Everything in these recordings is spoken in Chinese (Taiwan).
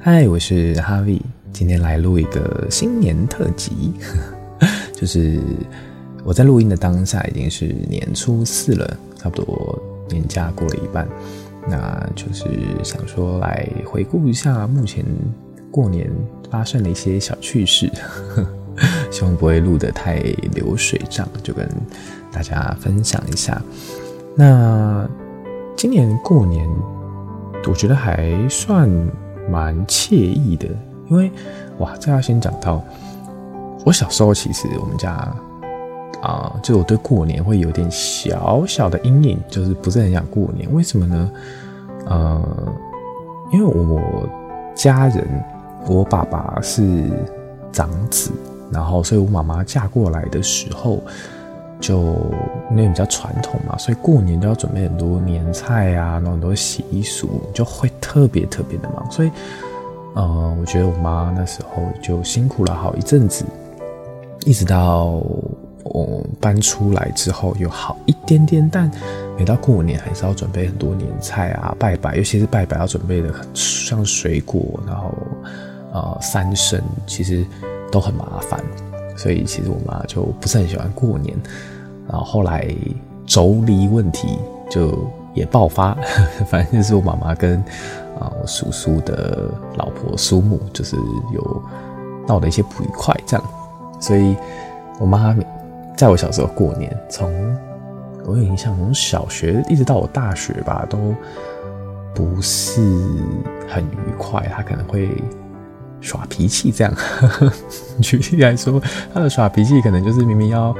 嗨，Hi, 我是 Harvie，今天來錄一個新年特輯， 就是我在錄音的當下已經是年初四了，差不多年假過了一半，那就是想說來回顧一下目前過年發生的一些小趣事， 希望不會錄得太流水賬，就跟大家分享一下。那今年過年我覺得還算蠻愜意的，因為哇，這要先講到我小時候。其實我們家啊，呃，就我對過年會有點小小的陰影，就是不是很想過年。為什麼呢？呃，因為我家人，我爸爸是長子，然後所以我媽媽嫁過來的時候。就因為比較傳統嘛，所以過年都要準備很多年菜啊，然後很多習俗就會特別特別的忙。所以，呃，我覺得我媽那時候就辛苦了好一陣子，一直到我、嗯、搬出來之後有好一點點，但每到過年還是要準備很多年菜啊、拜拜，尤其是拜拜要準備的像水果，然後呃三牲其實都很麻煩。所以其實我媽就不是很喜歡過年，然後後來妯娌問題就也爆發，反正就是我媽媽跟啊我叔叔的老婆叔母就是有鬧的一些不愉快這樣，所以我媽在我小時候過年，從我有印象從小學一直到我大學吧，都不是很愉快，她可能會。耍脾氣這樣，舉例來說，他的耍脾氣可能就是明明要，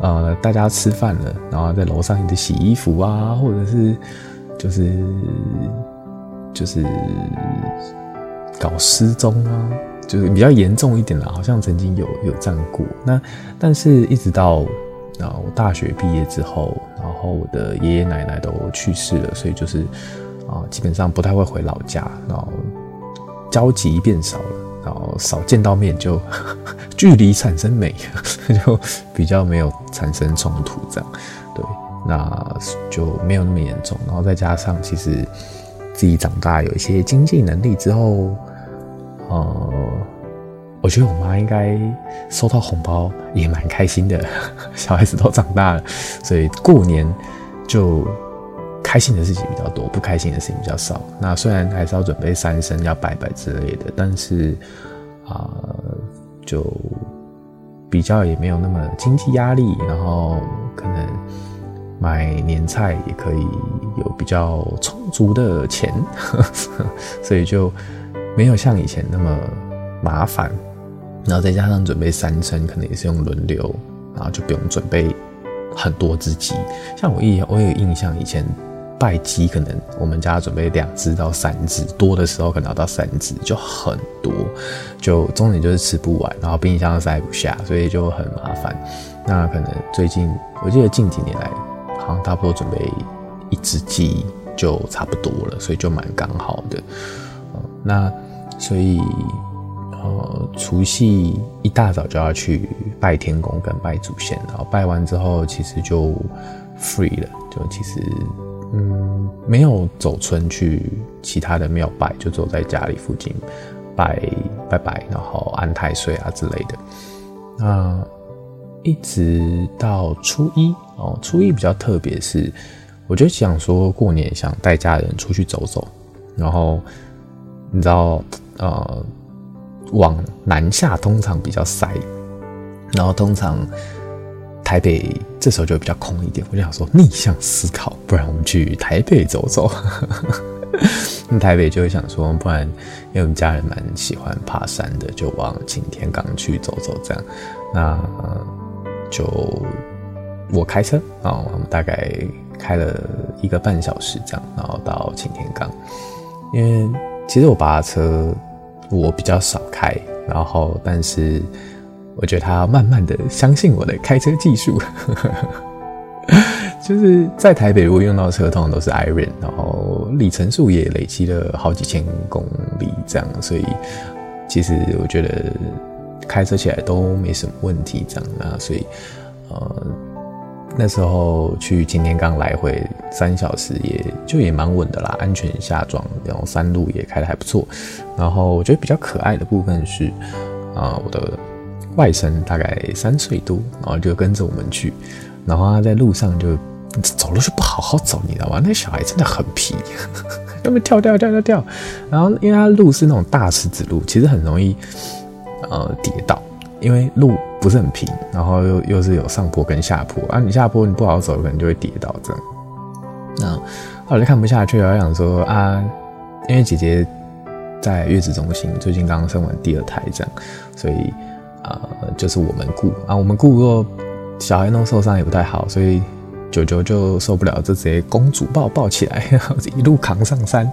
呃，大家吃飯了，然後在樓上一直洗衣服啊，或者是就是就是搞失蹤啊，就是比較嚴重一點了。好像曾經有有這樣過，那但是一直到啊，呃，我大學畢業之後，然後我的爺爺奶奶都去世了，所以就是啊，呃，基本上不太會回老家，然後。交集變少了，然後少見到面，就距離產生美，就比較沒有產生衝突這樣，對，那就沒有那麼嚴重。然後再加上其實自己長大有一些經濟能力之後，呃，我覺得我媽應該收到紅包也蠻開心的。小孩子都長大了，所以過年就。開心的事情比較多，不開心的事情比較少。那雖然還是要準備三牲，要拜拜之類的，但是啊、呃，就比較也沒有那麼經濟壓力。然後可能買年菜也可以有比較充足的錢， 所以就沒有像以前那麼麻煩。然後再加上準備三牲，可能也是用輪流，然後就不用準備很多隻雞。像我也我有印象以前。拜雞可能我們家準備兩隻到三隻，多的時候可能要到三隻就很多，就重點就是吃不完，然後冰箱塞不下，所以就很麻煩。那可能最近我記得近幾年來，好像差不多準備一隻雞就差不多了，所以就蠻剛好的。嗯、那所以呃、嗯，除夕一大早就要去拜天公跟拜祖先，然後拜完之後其實就 free 了，就其實。沒有走春去其他的廟拜，就走在家裡附近拜拜拜，然後安太歲啊之類的。那一直到初一哦，初一比較特別是，是我就想說過年想帶家人出去走走，然後你知道呃，往南下通常比較塞，然後通常。台北這時候就會比較空一點，我就想說逆向思考，不然我們去台北走走。 那台北就會想說，不然因為我們家人蠻喜歡爬山的，就往擎天崗去走走這樣。那就我開車啊，然後我們大概開了一個半小時這樣，然後到擎天崗。因為其實我爸的車我比較少開，然後但是。我覺得他慢慢的相信我的開車技術， 就是在台北，我用到的車通常都是 Iron，然後里程數也累積了好幾千公里這樣，所以其實我覺得開車起來都沒什麼問題這樣、啊。那所以呃那時候去今天剛來回三小時也，也就也蠻穩的啦，安全下莊，然後山路也開得還不錯。然後我覺得比較可愛的部分是啊、呃、我的。外甥大概三歲多，然後就跟着我們去，然後他在路上就走路是不好好走，你知道嗎？那小孩真的很皮，那麼跳跳跳跳跳。然後因為他路是那種大石子路，其實很容易呃跌倒，因為路不是很平，然後又又是有上坡跟下坡啊，你下坡你不好走，可能就會跌倒這樣。那、嗯啊、我就看不下去了，我要想說啊，因為姐姐在月子中心，最近剛生完第二胎這樣，所以。啊、呃，就是我們顧，啊，我們顧如果小孩弄受傷也不太好，所以舅舅就受不了，就直接公主抱抱起來， 一路扛上山。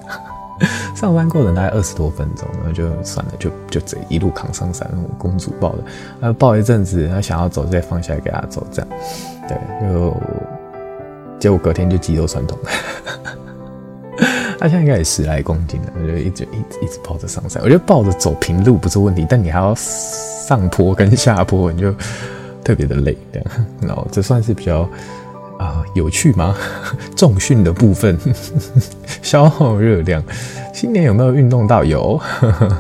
上班過了大概二十多分鐘，然後就算了，就就直接一路扛上山，公主抱的，後、啊、抱一陣子，他想要走再放下來給他走，這樣，對，就結果隔天就肌肉痠痛。 他現在應該也十來公斤了，我就一直一直一直抱着上山。我覺得抱着走平路不是問題，但你還要上坡跟下坡，你就特別的累這樣。然後這算是比較啊、呃、有趣嗎？重訓的部分 消耗熱量。新年有沒有運動到？有。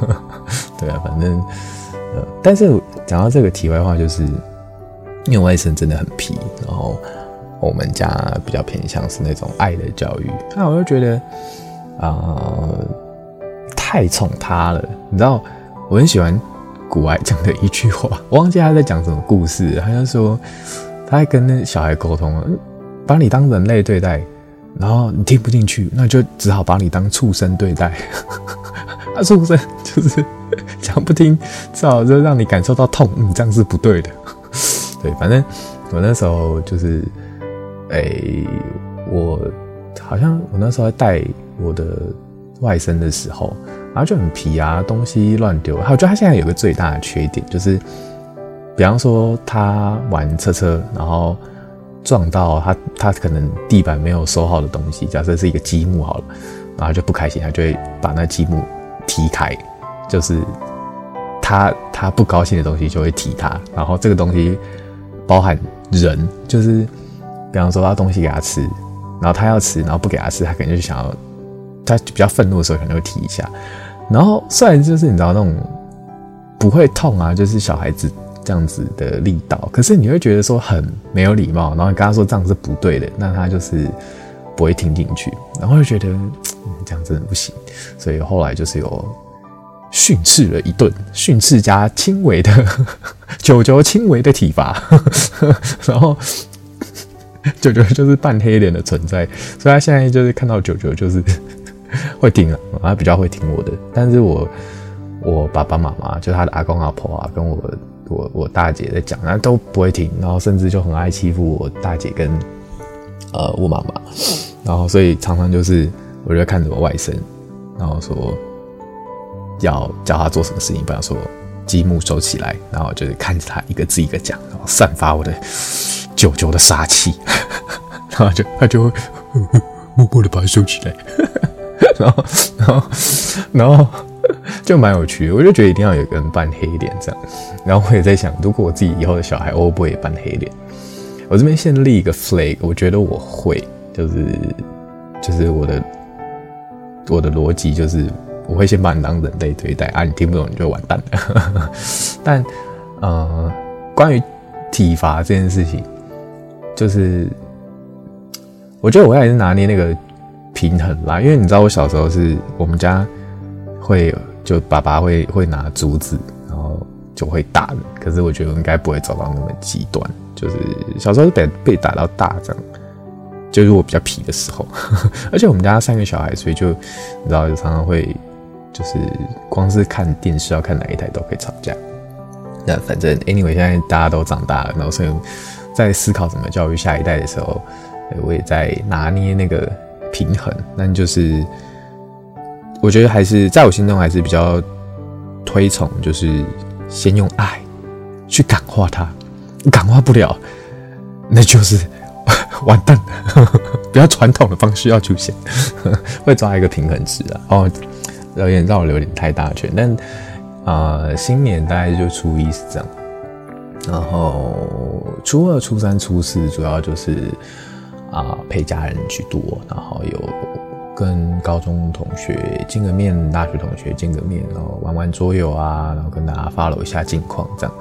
對啊，反正、呃、但是講到這個題外話，就是因為我外甥真的很皮，然後我們家比較偏向是那種愛的教育，那我就覺得。啊、呃，太寵他了，你知道我很喜歡古艾講的一句話，我忘記他在講什麼故事。好像說，他還跟那小孩溝通了，把你當人類對待，然後你聽不進去，那就只好把你當畜生對待。啊， 畜生就是講不聽，只好就讓你感受到痛。嗯，這樣是不對的。對，反正我那時候就是，哎，我好像我那時候還帶。我的外甥的時候，然後就很皮啊，東西亂丟。還有，就他現在有個最大的缺點，就是比方說他玩車車，然後撞到他，他可能地板沒有收好的東西。假設是一個積木好了，然後就不開心，他就會把那積木踢開。就是他他不高興的東西就會踢他。然後這個東西包含人，就是比方說他東西給他吃，然後他要吃，然後不給他吃，他可能就想要。他比較憤怒的時候可能會提一下，然後雖然就是你知道那種不會痛啊，就是小孩子這樣子的力道，可是你會覺得說很沒有禮貌，然後你跟他說這樣是不對的，那他就是不會聽進去，然後就覺得，嗯，這樣真的不行，所以後來就是有訓斥了一頓，訓斥加輕微的，九九輕微的體罰， 然後九九就是半黑臉的存在，所以他現在就是看到九九就是。會聽啊，他比較會聽我的。但是我我爸爸媽媽就他的阿公阿婆啊，跟我我我大姐在講，他都不會聽，然後甚至就很愛欺負我大姐跟呃我媽媽，然後所以常常就是我就看著我外甥，然後說要教他做什麼事情，比方說積木收起來，然後就是看着他一個字一個講，然後散發我的舅舅的殺氣，然後他就他就會默默的把它收起來。然後，然後，然後就蠻有趣的，我就覺得一定要有一個人扮黑臉這樣。然後我也在想，如果我自己以後的小孩，我不會也扮黑臉？我這邊先立一個 flag，我覺得我會，就是，就是我的，我的邏輯就是，我會先把你當人類對待啊，你聽不懂你就完蛋了。 但呃，關於體罰這件事情，就是我覺得我還是拿捏那個。平衡啦，因為你知道我小時候是，我們家會就爸爸會會拿竹子，然後就會打。可是我覺得我應該不會走到那麼極端，就是小時候被被打到大這樣，就是我比較皮的時候呵呵。而且我們家三個小孩，所以就你知道就常常會就是光是看電視要看哪一台都可以吵架。那反正 Anyway，現在大家都長大了，然後所以，在思考怎麼教育下一代的時候，我也在拿捏那個。平衡，那就是我覺得還是在我心中還是比較推崇，就是先用愛去感化他，感化不了，那就是完蛋了呵呵。比較傳統的方式要出現，呵呵，會抓一個平衡值啊。哦，有點我有點太大圈。但啊、呃，新年大概就初一是這樣，然後初二、初三、初四主要就是。啊、呃，陪家人居多，然後有跟高中同學見個面，大學同學見個面，然後玩玩桌遊啊，然後跟大家 follow 一下近況，這樣，啊、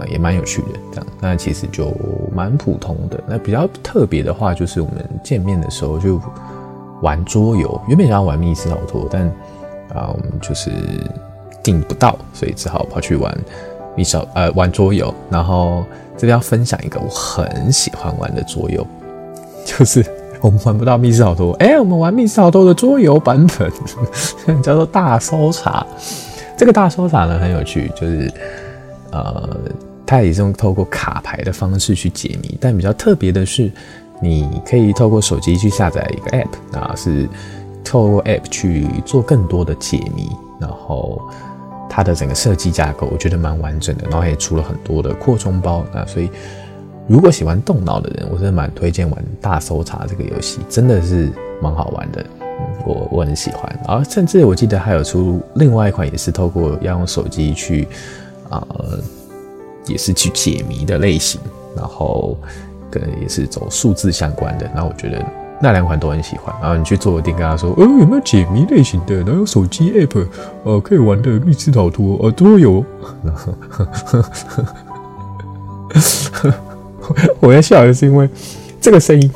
呃，也蠻有趣的。這樣，那其實就蠻普通的。那比較特別的話，就是我們見面的時候就玩桌遊，原本想要玩密室逃脫，但啊、呃，我們就是訂不到，所以只好跑去玩，密室，呃，玩桌遊。然後這邊要分享一個我很喜歡玩的桌遊。就是我們玩不到密室逃脫，哎、欸，我們玩密室逃脫的桌遊版本，叫做大搜查。這個大搜查呢，很有趣，就是呃，它也是用透過卡牌的方式去解謎，但比較特別的是，你可以透過手機去下載一個 App 啊，是透過 App 去做更多的解謎。然後它的整個設計架構我覺得蠻完整的，然後也出了很多的擴充包啊，那所以。如果喜歡動腦的人，我真的蠻推薦玩《大搜查》這個遊戲，真的是蠻好玩的，嗯、我我很喜歡。啊，甚至我記得還有出另外一款，也是透過要用手機去，啊、呃，也是去解謎的類型，然後可能也是走數字相關的。那我覺得那兩款都很喜歡。然後你去做一定跟他說，哦，有沒有解謎類型的？然後有手機 app？呃，可以玩的密室逃脫，呃，都有。 我要笑也是因為這個聲音，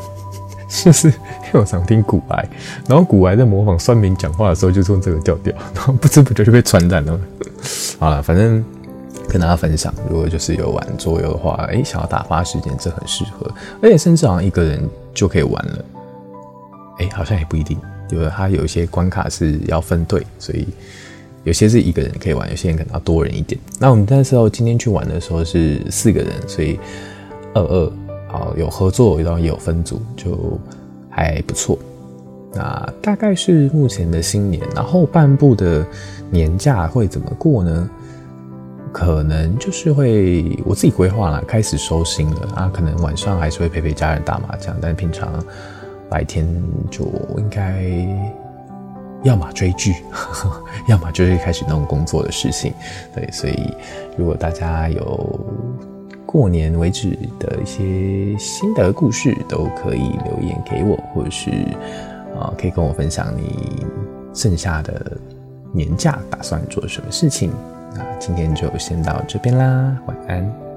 就是因為我常聽古埃，然後古埃在模仿算命講話的時候就用這個調調，然後不知不覺就被傳染了。好了，反正跟大家分享，如果就是有玩桌遊的話，欸，想要打發時間，這很適合，而且甚至好像一個人就可以玩了。哎，好像也不一定，因為它有一些關卡是要分隊，所以有些是一個人可以玩，有些人可能要多人一點。那我們那時候今天去玩的時候是四個人，所以。二二好，有合作，然後也有分組，就還不錯。那大概是目前的新年，然後半部的年假會怎麼過呢？可能就是會我自己規劃了，開始收心了啊。可能晚上還是會陪陪家人打麻將，但平常白天就應該要麼追劇，呵呵要麼就是開始弄工作的事情。對，所以如果大家有.過年為止的一些新的故事都可以留言給我，或者是啊，可以跟我分享你剩下的年假打算做什麼事情。那今天就先到這邊啦，晚安。